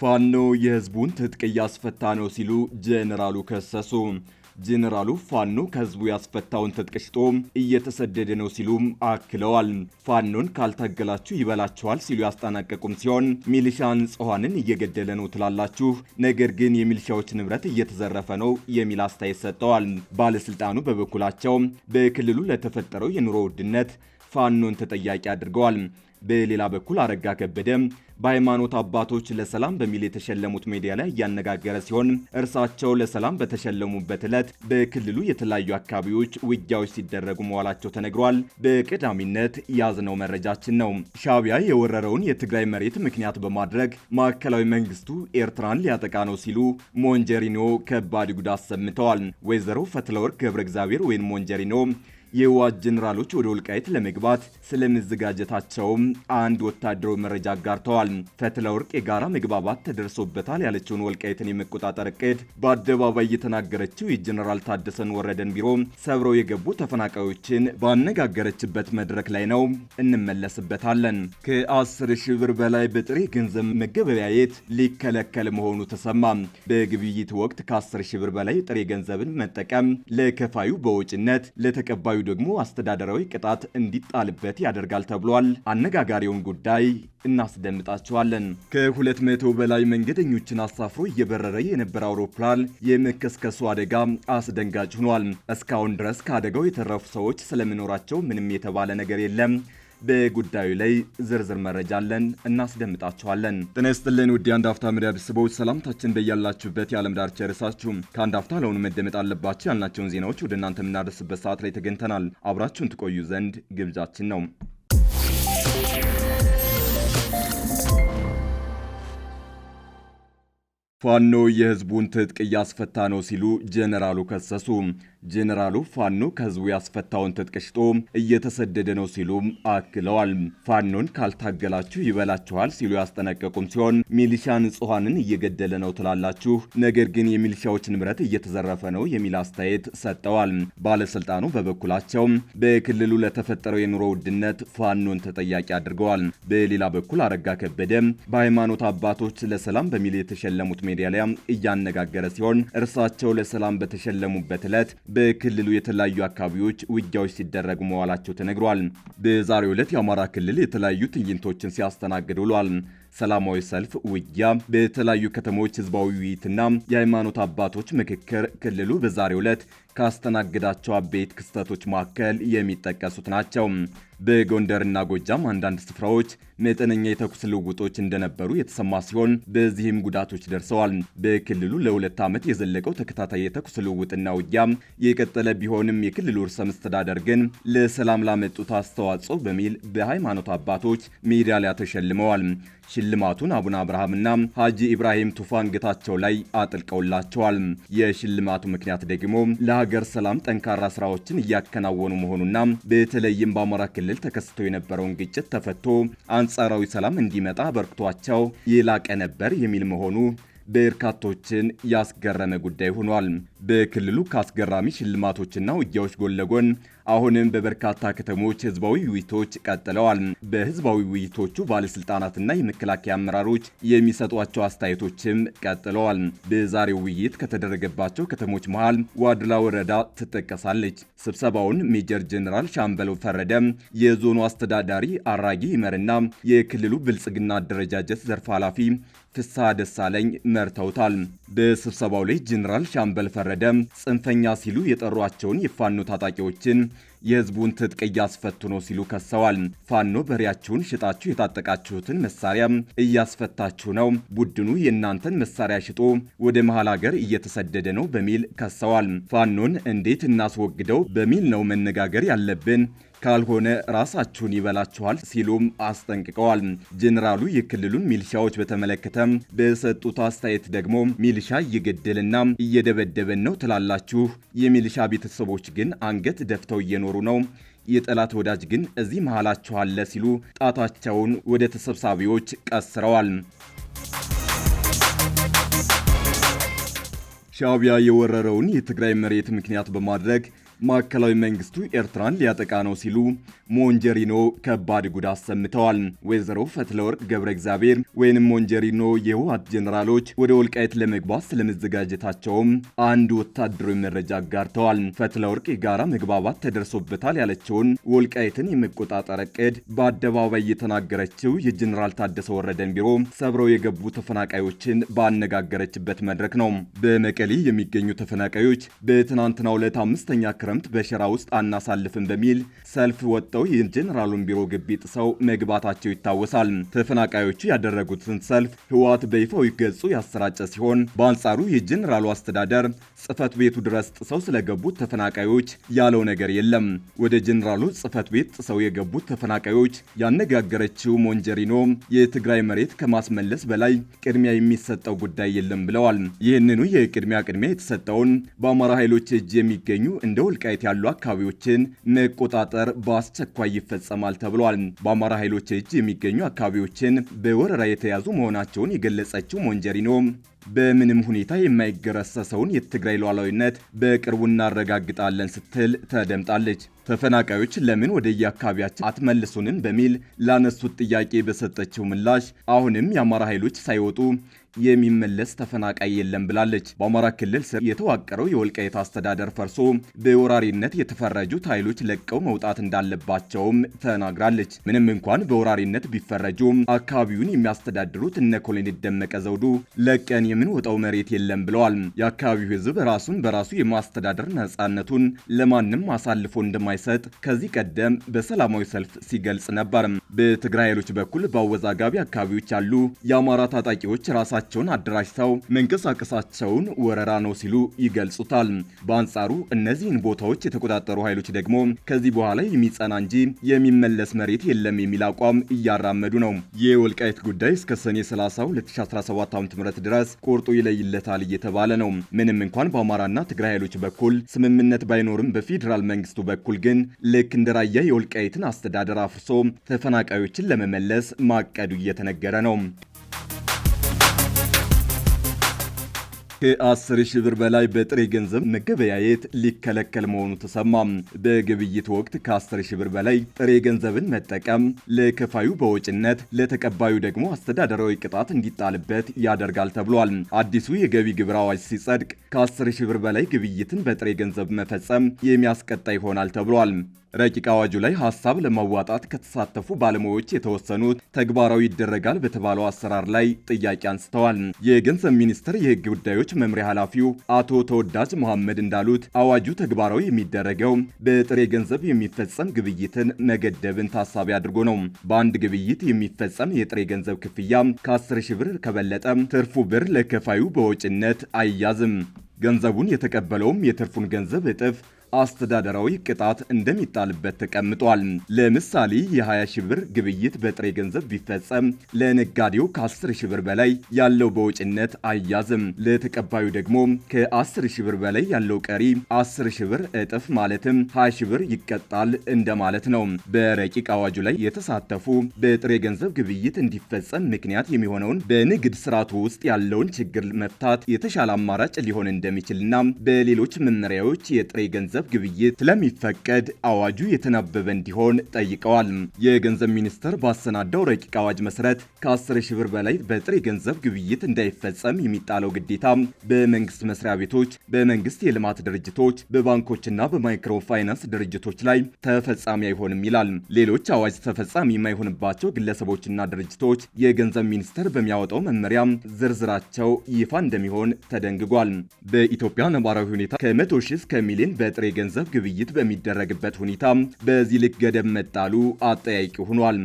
ፋኖ የህዝቡን ትጥቅ እያስፈታ ነው ሲሉ ጄኔራሉ ከሰሱ። ጄኔራሉ ፋኖ ከህዝቡ ያስፈታውን ትጥቅ ሽጦ እየተሰደደ ነው ሲሉም አክለዋል። ፋኖን ካልታገላችሁ ይበላችኋል ሲሉ ያስጠናቀቁም ሲሆን ሚሊሻን ንጹሐንን እየገደለ ነው ትላላችሁ፣ ነገር ግን የሚሊሻዎች ንብረት እየተዘረፈ ነው የሚል አስተያየት ሰጥተዋል። ባለስልጣኑ በበኩላቸው በክልሉ ለተፈጠረው የኑሮ ውድነት ፋኖን ተጠያቂ አድርገዋል። በሌላ በኩል አረጋ ከበደ በሃይማኖት አባቶች ለሰላም በሚል የተሸለሙት ሜዲያ ላይ እያነጋገረ ሲሆን እርሳቸው ለሰላም በተሸለሙበት ዕለት በክልሉ የተለያዩ አካባቢዎች ውጊያዎች ሲደረጉ መዋላቸው ተነግሯል። በቀዳሚነት ያዝነው መረጃችን ነው። ሻቢያ የወረረውን የትግራይ መሬት ምክንያት በማድረግ ማዕከላዊ መንግስቱ ኤርትራን ሊያጠቃ ነው ሲሉ ሞንጀሪኖ ከባድ ጉዳት ሰምተዋል። ወይዘሮ ፈትለወርቅ ገብረ እግዚአብሔር ወይም ሞንጀሪኖ የህወሓት ጀኔራሎች ወደ ወልቃይት ለመግባት ስለመዘጋጀታቸውም አንድ ወታደራዊ መረጃ አጋርተዋል። ፈትለ ወርቅ የጋራ መግባባት ተደርሶበታል ያለችውን ወልቃይትን የመቆጣጠር እቅድ በአደባባይ የተናገረችው የጀኔራል ታደሰን ወረደን ቢሮ ሰብረው የገቡ ተፈናቃዮችን ባነጋገረችበት መድረክ ላይ ነው። እንመለስበታለን። ከአስር ሺህ ብር በላይ በጥሬ ገንዘብ መገበያየት ሊከለከል መሆኑ ተሰማ። በግብይት ወቅት ከአስር ሺ ብር በላይ ጥሬ ገንዘብን መጠቀም ለከፋዩ በወጪነት ለተቀባዩ ደግሞ አስተዳደራዊ ቅጣት እንዲጣልበት ያደርጋል ተብሏል። አነጋጋሪውን ጉዳይ እናስደምጣቸዋለን። ከሁለት መቶ በላይ መንገደኞችን አሳፍሮ እየበረረ የነበረ አውሮፕላን የመከስከሱ አደጋ አስደንጋጭ ሆኗል። እስካሁን ድረስ ከአደጋው የተረፉ ሰዎች ስለመኖራቸው ምንም የተባለ ነገር የለም። በጉዳዩ ላይ ዝርዝር መረጃ አለን፣ እናስደምጣቸዋለን። ጤና ይስጥልን ውድ የአንድ አፍታ ሚዲያ ቤተሰቦች፣ ሰላምታችን በያላችሁበት የዓለም ዳርቻ ይድረሳችሁ። ከአንድ አፍታ ለሆኑ መደመጥ አለባቸው ያልናቸውን ዜናዎች ወደ እናንተ የምናደርስበት ሰዓት ላይ ተገኝተናል። አብራችሁን ትቆዩ ዘንድ ግብዣችን ነው። ፋኖ የህዝቡን ትጥቅ እያስፈታ ነው ሲሉ ጄኔራሉ ከሰሱ። ጄኔራሉ ፋኖ ከህዝቡ ያስፈታውን ትጥቅ ሽጦ እየተሰደደ ነው ሲሉም አክለዋል። ፋኖን ካልታገላችሁ ይበላችኋል ሲሉ ያስጠነቀቁም ሲሆን ሚሊሻ ንጹሐንን እየገደለ ነው ትላላችሁ፣ ነገር ግን የሚሊሻዎች ንብረት እየተዘረፈ ነው የሚል አስተያየት ሰጠዋል። ባለስልጣኑ በበኩላቸው በክልሉ ለተፈጠረው የኑሮ ውድነት ፋኖን ተጠያቂ አድርገዋል። በሌላ በኩል አረጋ ከበደ በሃይማኖት አባቶች ለሰላም በሚል የተሸለሙት ሜዲያ ላይ እያነጋገረ ሲሆን እርሳቸው ለሰላም በተሸለሙበት ዕለት በክልሉ የተለያዩ አካባቢዎች ውጊያዎች ሲደረጉ መዋላቸው ተነግሯል። በዛሬው ዕለት የአማራ ክልል የተለያዩ ትዕይንቶችን ሲያስተናግድ ውሏል። ሰላማዊ ሰልፍ፣ ውጊያ፣ በተለያዩ ከተሞች ህዝባዊ ውይይትና የሃይማኖት አባቶች ምክክር ክልሉ በዛሬው ዕለት ካስተናግዳቸው አበይት ክስተቶች መካከል የሚጠቀሱት ናቸው። በጎንደርና ጎጃም አንዳንድ ስፍራዎች መጠነኛ የተኩስ ልውውጦች እንደነበሩ የተሰማ ሲሆን በዚህም ጉዳቶች ደርሰዋል። በክልሉ ለሁለት ዓመት የዘለቀው ተከታታይ የተኩስ ልውውጥና ውጊያ የቀጠለ ቢሆንም የክልሉ ርዕሰ መስተዳደር ግን ለሰላም ላመጡት አስተዋጽኦ በሚል በሃይማኖት አባቶች ሜዳሊያ ተሸልመዋል። ሽልማቱን አቡነ አብርሃምና ሐጂ ኢብራሂም ቱፋ አንገታቸው ላይ አጥልቀውላቸዋል። የሽልማቱ ምክንያት ደግሞ ለሀገር ሰላም ጠንካራ ስራዎችን እያከናወኑ መሆኑና በተለይም በአማራ ክልል ተከስቶ የነበረውን ግጭት ተፈቶ አንጻራዊ ሰላም እንዲመጣ በርክቷቸው የላቀ ነበር የሚል መሆኑ በርካቶችን ያስገረመ ጉዳይ ሆኗል። በክልሉ ከአስገራሚ ሽልማቶችና ውጊያዎች ጎን ለጎን አሁንም በበርካታ ከተሞች ህዝባዊ ውይይቶች ቀጥለዋል። በህዝባዊ ውይይቶቹ ባለስልጣናትና የመከላከያ አመራሮች የሚሰጧቸው አስተያየቶችም ቀጥለዋል። በዛሬው ውይይት ከተደረገባቸው ከተሞች መሃል ዋድላ ወረዳ ትጠቀሳለች። ስብሰባውን ሜጀር ጀኔራል ሻምበል ፈረደ፣ የዞኑ አስተዳዳሪ አራጊ ይመርና የክልሉ ብልጽግና አደረጃጀት ዘርፍ ኃላፊ ፍስሐ ደሳለኝ መርተውታል። በስብሰባው ላይ ጀነራል ሻምበል ፈረደ ጽንፈኛ ሲሉ የጠሯቸውን የፋኖ ታጣቂዎችን የህዝቡን ትጥቅ እያስፈቱ ነው ሲሉ ከሰዋል። ፋኖ በሬያችሁን ሽጣችሁ የታጠቃችሁትን መሳሪያ እያስፈታችሁ ነው፣ ቡድኑ የእናንተን መሳሪያ ሽጦ ወደ መሃል ሀገር እየተሰደደ ነው በሚል ከሰዋል። ፋኖን እንዴት እናስወግደው በሚል ነው መነጋገር ያለብን ካልሆነ ራሳችሁን ይበላችኋል ሲሉም አስጠንቅቀዋል። ጄኔራሉ የክልሉን ሚልሻዎች በተመለከተ በሰጡት አስተያየት ደግሞ ሚልሻ እየገደልና እየደበደበን ነው ትላላችሁ፣ የሚልሻ ቤተሰቦች ግን አንገት ደፍተው እየኖሩ እየተናገሩ ነው። የጠላት ወዳጅ ግን እዚህ መሃላችሁ አለ ሲሉ ጣታቸውን ወደ ተሰብሳቢዎች ቀስረዋል። ሻቢያ የወረረውን የትግራይ መሬት ምክንያት በማድረግ ማዕከላዊ መንግስቱ ኤርትራን ሊያጠቃ ነው ሲሉ ሞንጀሪኖ ከባድ ጉድ አሰምተዋል። ወይዘሮ ፈትለወርቅ ገብረ እግዚአብሔር ወይንም ሞንጀሪኖ የህወሓት ጀኔራሎች ወደ ወልቃይት ለመግባት ስለመዘጋጀታቸውም አንድ ወታደራዊ መረጃ አጋርተዋል። ፈትለወርቅ የጋራ መግባባት ተደርሶበታል ያለችውን ወልቃይትን የመቆጣጠር እቅድ በአደባባይ የተናገረችው የጀኔራል ታደሰ ወረደን ቢሮ ሰብረው የገቡ ተፈናቃዮችን ባነጋገረችበት መድረክ ነው። በመቀሌ የሚገኙ ተፈናቃዮች በትናንትናው ዕለት አምስተኛ ክረምት በሸራ ውስጥ አናሳልፍም በሚል ሰልፍ ወጥተው የጀኔራሉን ቢሮ ግቢ ጥሰው መግባታቸው ይታወሳል። ተፈናቃዮቹ ያደረጉትን ሰልፍ ህወሓት በይፋዊ ገጹ ያሰራጨ ሲሆን በአንጻሩ የጀኔራሉ አስተዳደር ጽህፈት ቤቱ ድረስ ጥሰው ስለገቡት ተፈናቃዮች ያለው ነገር የለም። ወደ ጀኔራሉ ጽህፈት ቤት ጥሰው የገቡት ተፈናቃዮች ያነጋገረችው ሞንጀሪኖ የትግራይ መሬት ከማስመለስ በላይ ቅድሚያ የሚሰጠው ጉዳይ የለም ብለዋል። ይህንኑ የቅድሚያ ቅድሚያ የተሰጠውን በአማራ ኃይሎች እጅ የሚገኙ እንደ ወልቃይት ያሉ አካባቢዎችን መቆጣጠር በአስቸኳይ ይፈጸማል ተብሏል። በአማራ ኃይሎች እጅ የሚገኙ አካባቢዎችን በወረራ የተያዙ መሆናቸውን የገለጸችው ሞንጀሪኖ በምንም ሁኔታ የማይገረሰሰውን የትግራይ ሉዓላዊነት በቅርቡ እናረጋግጣለን ስትል ተደምጣለች። ተፈናቃዮች ለምን ወደ የአካባቢያችን አትመልሱንም በሚል ላነሱት ጥያቄ በሰጠችው ምላሽ አሁንም የአማራ ኃይሎች ሳይወጡ የሚመለስ ተፈናቃይ የለም ብላለች። በአማራ ክልል ስር የተዋቀረው የወልቃይት አስተዳደር ፈርሶ በወራሪነት የተፈረጁት ኃይሎች ለቀው መውጣት እንዳለባቸውም ተናግራለች። ምንም እንኳን በወራሪነት ቢፈረጁም አካባቢውን የሚያስተዳድሩት እነ ኮሎኔል ደመቀ ዘውዱ ለቀን የምንወጣው መሬት የለም ብለዋል። የአካባቢው ህዝብ ራሱን በራሱ የማስተዳደር ነጻነቱን ለማንም አሳልፎ እንደማይሰጥ ከዚህ ቀደም በሰላማዊ ሰልፍ ሲገልጽ ነበር። በትግራይ ኃይሎች በኩል በአወዛጋቢ አካባቢዎች ያሉ የአማራ ታጣቂዎች ራሳቸውን አደራጅተው መንቀሳቀሳቸውን ወረራ ነው ሲሉ ይገልጹታል። በአንጻሩ እነዚህን ቦታዎች የተቆጣጠሩ ኃይሎች ደግሞ ከዚህ በኋላ የሚጸና እንጂ የሚመለስ መሬት የለም የሚል አቋም እያራመዱ ነው። የወልቃይት ጉዳይ እስከ ሰኔ 30 2017 ዓ.ም ድረስ ቆርጦ ይለይለታል እየተባለ ነው። ምንም እንኳን በአማራና ትግራይ ኃይሎች በኩል ስምምነት ባይኖርም በፌዴራል መንግስቱ በኩል ግን ልክ እንደ ራያ የወልቃይትን አስተዳደር አፍርሶ ተፈናቃዮችን ለመመለስ ማቀዱ እየተነገረ ነው። ከአስር ሺህ ብር በላይ በጥሬ ገንዘብ መገበያየት ሊከለከል መሆኑ ተሰማም። በግብይት ወቅት ከ ሺህ ብር በላይ ጥሬ ገንዘብን መጠቀም ለከፋዩ በወጪነት ለተቀባዩ ደግሞ አስተዳደራዊ ቅጣት እንዲጣልበት ያደርጋል ተብሏል። አዲሱ የገቢ ግብር አዋጅ ሲጸድቅ ከ ሺህ ብር በላይ ግብይትን በጥሬ ገንዘብ መፈጸም የሚያስቀጣ ይሆናል ተብሏል። ረቂቅ አዋጁ ላይ ሀሳብ ለማዋጣት ከተሳተፉ ባለሙያዎች የተወሰኑት ተግባራዊ ይደረጋል በተባለው አሰራር ላይ ጥያቄ አንስተዋል። የገንዘብ ሚኒስቴር የህግ ጉዳዮች ጉዳዮች መምሪያ ኃላፊው አቶ ተወዳጅ መሐመድ እንዳሉት አዋጁ ተግባራዊ የሚደረገው በጥሬ ገንዘብ የሚፈጸም ግብይትን መገደብን ታሳቢ አድርጎ ነው። በአንድ ግብይት የሚፈጸም የጥሬ ገንዘብ ክፍያ ከ10 ሺህ ብር ከበለጠ ትርፉ ብር ለከፋዩ በወጪነት አይያዝም። ገንዘቡን የተቀበለውም የትርፉን ገንዘብ እጥፍ አስተዳደራዊ ቅጣት እንደሚጣልበት ተቀምጧል። ለምሳሌ የ20 ሺህ ብር ግብይት በጥሬ ገንዘብ ቢፈጸም ለነጋዴው ከ10 ሺህ ብር በላይ ያለው በውጭነት አያዝም። ለተቀባዩ ደግሞ ከ10 ሺህ ብር በላይ ያለው ቀሪ 10 ሺህ ብር እጥፍ ማለትም 20 ሺህ ብር ይቀጣል እንደማለት ነው። በረቂቅ አዋጁ ላይ የተሳተፉ በጥሬ ገንዘብ ግብይት እንዲፈጸም ምክንያት የሚሆነውን በንግድ ስርዓቱ ውስጥ ያለውን ችግር መፍታት የተሻለ አማራጭ ሊሆን እንደሚችልና በሌሎች መመሪያዎች የጥሬ ገንዘብ የገንዘብ ግብይት ስለሚፈቀድ አዋጁ የተናበበ እንዲሆን ጠይቀዋል። የገንዘብ ሚኒስቴር ባሰናዳው ረቂቅ አዋጅ መሰረት ከ10 ሺህ ብር በላይ በጥሬ ገንዘብ ግብይት እንዳይፈጸም የሚጣለው ግዴታ በመንግስት መስሪያ ቤቶች፣ በመንግስት የልማት ድርጅቶች፣ በባንኮችና በማይክሮ ፋይናንስ ድርጅቶች ላይ ተፈጻሚ አይሆንም ይላል። ሌሎች አዋጅ ተፈጻሚ የማይሆንባቸው ግለሰቦችና ድርጅቶች የገንዘብ ሚኒስቴር በሚያወጣው መመሪያ ዝርዝራቸው ይፋ እንደሚሆን ተደንግጓል። በኢትዮጵያ ነባራዊ ሁኔታ ከ ሺህ እስከ ሚሊዮን በጥሬ የገንዘብ ግብይት በሚደረግበት ሁኔታ በዚህ ልክ ገደብ መጣሉ አጠያቂ ሆኗል።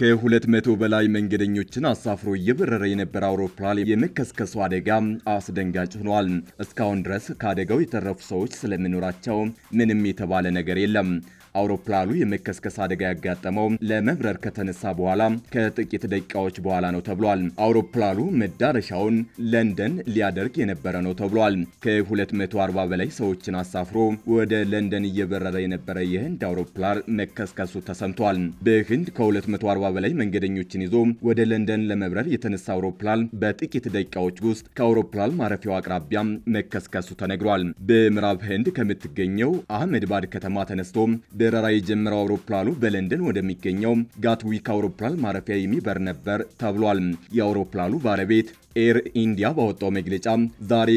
ከሁለት መቶ በላይ መንገደኞችን አሳፍሮ እየበረረ የነበረ አውሮፕላን የመከስከሱ አደጋ አስደንጋጭ ሆኗል። እስካሁን ድረስ ከአደጋው የተረፉ ሰዎች ስለመኖራቸው ምንም የተባለ ነገር የለም። አውሮፕላኑ የመከስከስ አደጋ ያጋጠመው ለመብረር ከተነሳ በኋላ ከጥቂት ደቂቃዎች በኋላ ነው ተብሏል። አውሮፕላኑ መዳረሻውን ለንደን ሊያደርግ የነበረ ነው ተብሏል። ከ240 በላይ ሰዎችን አሳፍሮ ወደ ለንደን እየበረረ የነበረ የህንድ አውሮፕላን መከስከሱ ተሰምቷል። በህንድ ከ240 አበባ በላይ መንገደኞችን ይዞ ወደ ለንደን ለመብረር የተነሳ አውሮፕላን በጥቂት ደቂቃዎች ውስጥ ከአውሮፕላን ማረፊያው አቅራቢያ መከስከሱ ተነግሯል። በምዕራብ ህንድ ከምትገኘው ባድ ከተማ ተነስቶ በረራ የጀመረው አውሮፕላኑ በለንደን ወደሚገኘው ጋትዊክ አውሮፕላን ማረፊያ የሚበር ነበር ተብሏል። የአውሮፕላኑ ባለቤት ኤር ኢንዲያ ባወጣው መግለጫ ዛሬ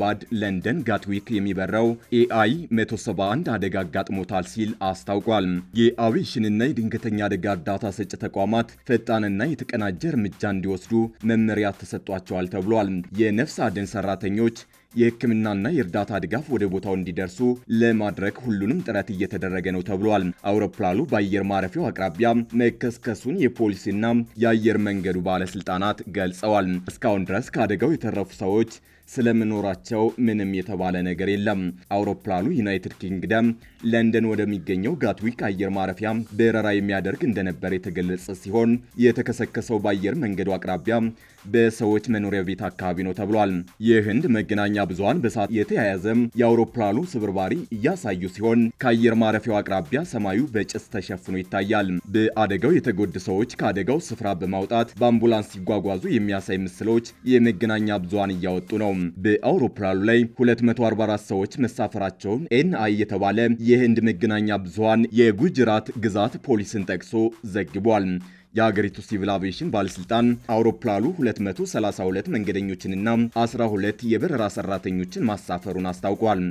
ባድ ለንደን ጋትዊክ የሚበረው ኤአይ 171 አደጋ አጋጥሞታል ሲል አስታውቋል። የአቪሽንና የድንገተኛ አደጋ እርዳታ ሰጭ ተቋማት ፈጣንና የተቀናጀ እርምጃ እንዲወስዱ መመሪያ ተሰጥቷቸዋል ተብሏል። የነፍስ አድን ሰራተኞች የሕክምናና የእርዳታ ድጋፍ ወደ ቦታው እንዲደርሱ ለማድረግ ሁሉንም ጥረት እየተደረገ ነው ተብሏል። አውሮፕላኑ በአየር ማረፊያው አቅራቢያ መከስከሱን የፖሊስና የአየር መንገዱ ባለስልጣናት ገልጸዋል። እስካሁን ድረስ ከአደጋው የተረፉ ሰዎች ስለመኖራቸው ምንም የተባለ ነገር የለም። አውሮፕላኑ ዩናይትድ ኪንግደም ለንደን ወደሚገኘው ጋትዊክ አየር ማረፊያ በረራ የሚያደርግ እንደነበር የተገለጸ ሲሆን የተከሰከሰው በአየር መንገዱ አቅራቢያ በሰዎች መኖሪያ ቤት አካባቢ ነው ተብሏል። የህንድ መገናኛ ብዙሃን በሳት የተያያዘ የአውሮፕላኑ ስብርባሪ እያሳዩ ሲሆን ከአየር ማረፊያው አቅራቢያ ሰማዩ በጭስ ተሸፍኖ ይታያል። በአደጋው የተጎዱ ሰዎች ከአደጋው ስፍራ በማውጣት በአምቡላንስ ሲጓጓዙ የሚያሳይ ምስሎች የመገናኛ ብዙሃን እያወጡ ነው። ነው። በአውሮፕላኑ ላይ 244 ሰዎች መሳፈራቸውን ኤንአይ የተባለ የህንድ መገናኛ ብዙሃን የጉጅራት ግዛት ፖሊስን ጠቅሶ ዘግቧል። የአገሪቱ ሲቪል አቪዬሽን ባለስልጣን አውሮፕላኑ 232 መንገደኞችንና 12 የበረራ ሰራተኞችን ማሳፈሩን አስታውቋል።